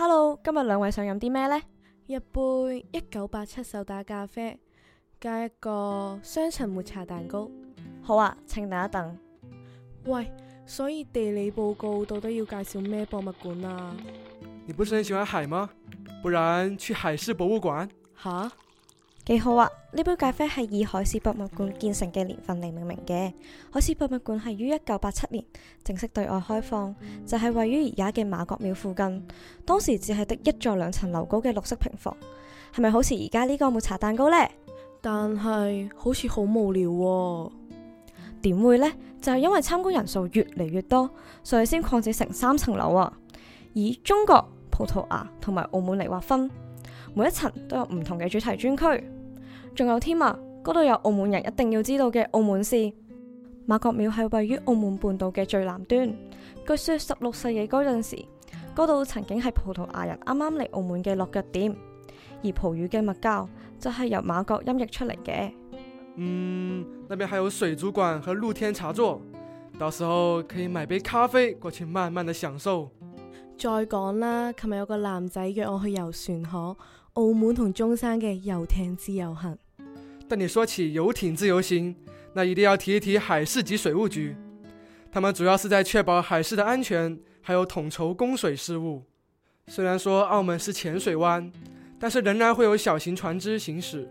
Hello，今日兩位想飲啲咩呢？一杯一九八七手打咖啡，加一個雙層抹茶蛋糕。好啊，請等一等。喂，所以地理報告，到底要介紹咩博物館啊？你不是很喜歡海嗎？不然去海事博物館？吓？幾好啊！呢杯咖啡係以海事博物館建成嘅年份嚟命名嘅。海事博物館係於一九八七年正式對外開放，就係、是、位於而家嘅媽閣廟附近。當時只係得一座兩層樓高嘅綠色平房，係咪好似而家呢個抹茶蛋糕呢？但係好似好無聊喎、啊，點會呢？就係、是、因為參觀人數越嚟越多，所以先擴建成三層樓啊！以中國、葡萄牙同埋澳門嚟劃分，每一層都有唔同嘅主題專區。仲有添啊！嗰度有澳門人一定要知道嘅澳門事。媽閣廟係位於澳門半島嘅最南端。據説十六世紀嗰陣時，嗰度曾經係葡萄牙人啱啱嚟澳門嘅落腳點。而葡語嘅馬交就係由媽閣音譯出嚟嘅。嗯，那邊還有水族館和露天茶座，到時候可以買杯咖啡過去慢慢的享受。再講啦，琴日有個男仔約我去遊船河。澳門同中山嘅遊艇自由行。但你說起遊艇自由行，那一定要提一提海事及水務局，他們主要是在確保海事的安全，還有統籌供水事務。雖然說澳門是淺水灣，但是仍然會有小型船隻行駛，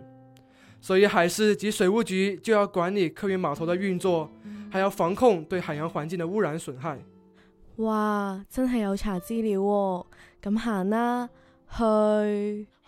所以海事及水務局就要管理客運碼頭的運作，嗯、還要防控對海洋環境的污染損害。哇，真係有查資料。哦，咁行啦去。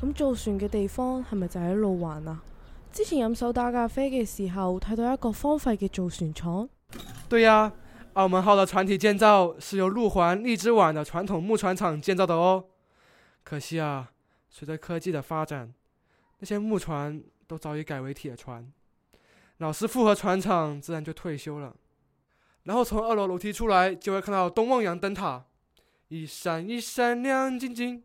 咁、嗯、造船嘅地方係咪就喺路環啊？之前飲手打咖啡嘅時候，睇到一個荒廢嘅造船廠。對呀，澳門號嘅船體建造是由路環荔枝碗嘅傳統木船廠建造的哦。可惜啊，隨着科技嘅發展，那些木船都早已改為鐵船，老師傅和船廠自然就退休了。然後從二樓樓梯出來，就會看到東望洋燈塔，一閃一閃亮晶晶。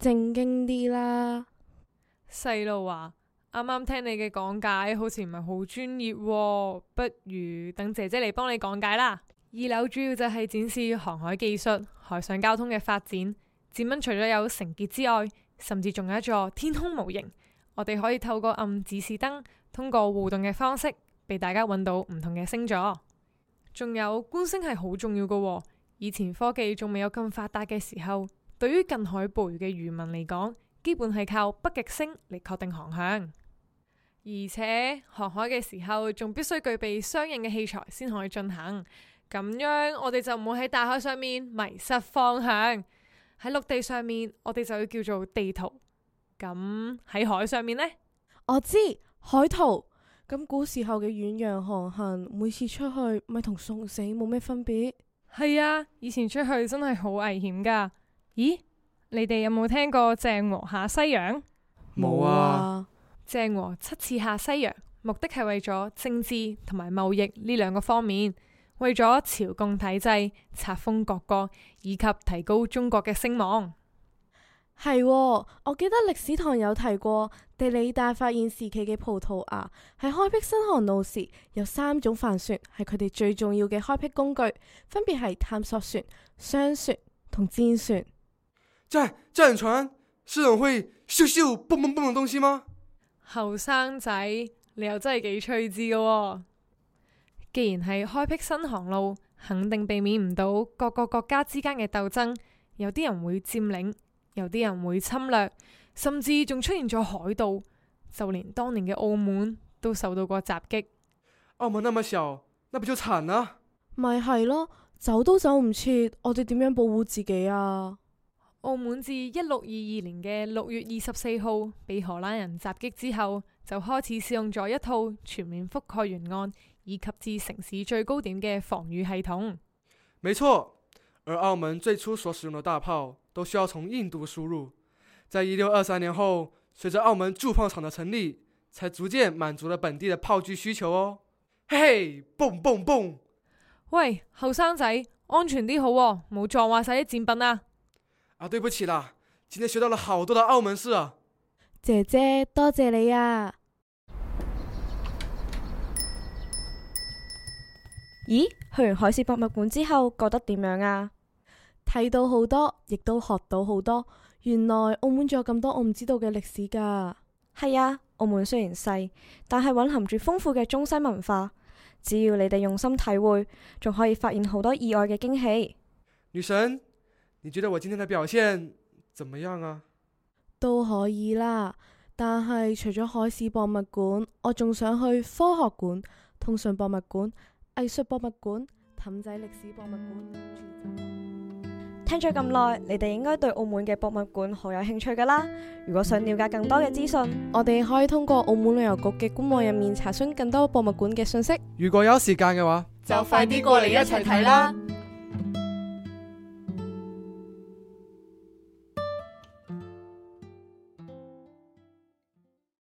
正經啲啦，細路話，啱啱聽你嘅講解，好似唔係好專業啊，不如等姐姐嚟幫你講解啦。二樓主要就係展示航海技術、海上交通嘅發展。展品，除咗有成結，之外，甚至仲有一座天空模型。我哋可以透過暗指示燈，通過互動嘅方式，俾大家搵到唔同嘅星座。仲有觀星係好重要㗎啊，以前科技仲未有咁發達嘅時候。對於近海捕魚嘅漁民嚟講，基本係靠北極星嚟確定航向，而且航海嘅時候仲必須具備相應嘅器材先可以進行。咁樣我哋就唔會喺大海上面迷失方向。喺陸地上面，我哋就要叫做地圖。咁喺海上面呢，我知海圖。咁古時候嘅遠洋航行，每次出去咪同送死冇咩分別。係啊，以前出去真係好危險噶。咦，你哋有冇聽過鄭和下西洋？冇有啊。鄭和七次下西洋，目的係為咗政治同埋貿易呢兩個方面，為咗朝貢體制、冊封各國以及提高中國嘅聲望。係，我記得歷史堂有提過地理大發現時期嘅葡萄牙喺開闢新航路時，有三種帆船係佢哋最重要嘅開闢工具，分別係探索船、商船同戰船。即係戰船是一種會咻咻嘣嘣嘣的東西嗎？後生仔，你又真係幾趣致㗎。既然係開闢新航路，肯定避免唔到各個國家之間嘅鬥爭。有啲人會佔領，有啲人會侵略，甚至仲出現咗海盜。就連當年嘅澳門都受到過襲擊。澳門那麼小，那不就慘啦？咪係咯，走都走唔切，我哋點樣保護自己啊？澳門自一六二二年嘅六月二十四號被荷蘭人襲擊之後，就開始使用咗一套全面覆蓋沿岸以及至城市最高點嘅防禦系統。沒錯，而澳門最初所使用嘅大炮都需要從印度輸入。在一六二三年後，隨着澳門鑄炮廠嘅成立，才逐漸滿足了本地嘅炮具需求哦。嘿、hey, 嘿，嘣嘣嘣！喂，後生仔，安全啲好，哦，冇撞壞晒啲展品啊！啊，對不起啦，今天學到了好多的澳門事啊！姐姐多謝你啊！咦，去完海事博物館之後覺得點樣啊？睇到好多，亦都學到好多。原來澳門仲有咁多我唔知道嘅歷史噶。係啊，澳門雖然細，但係蘊含住豐富嘅中西文化。只要你哋用心體會，仲可以發現好多意外嘅驚喜。女神。你覺得我今天的表現怎麼樣啊？都可以啦，但係除咗海事博物館，我仲想去科學館、通訊博物館、藝術博物館、氹仔歷史博物館。聽咗咁耐，你哋應該對澳門嘅博物館好有興趣㗎啦。如果想了解更多嘅資訊，我哋可以通過澳門旅遊局嘅官網入面查詢更多博物館嘅信息。如果有時間嘅話，就快啲過嚟一齊睇啦。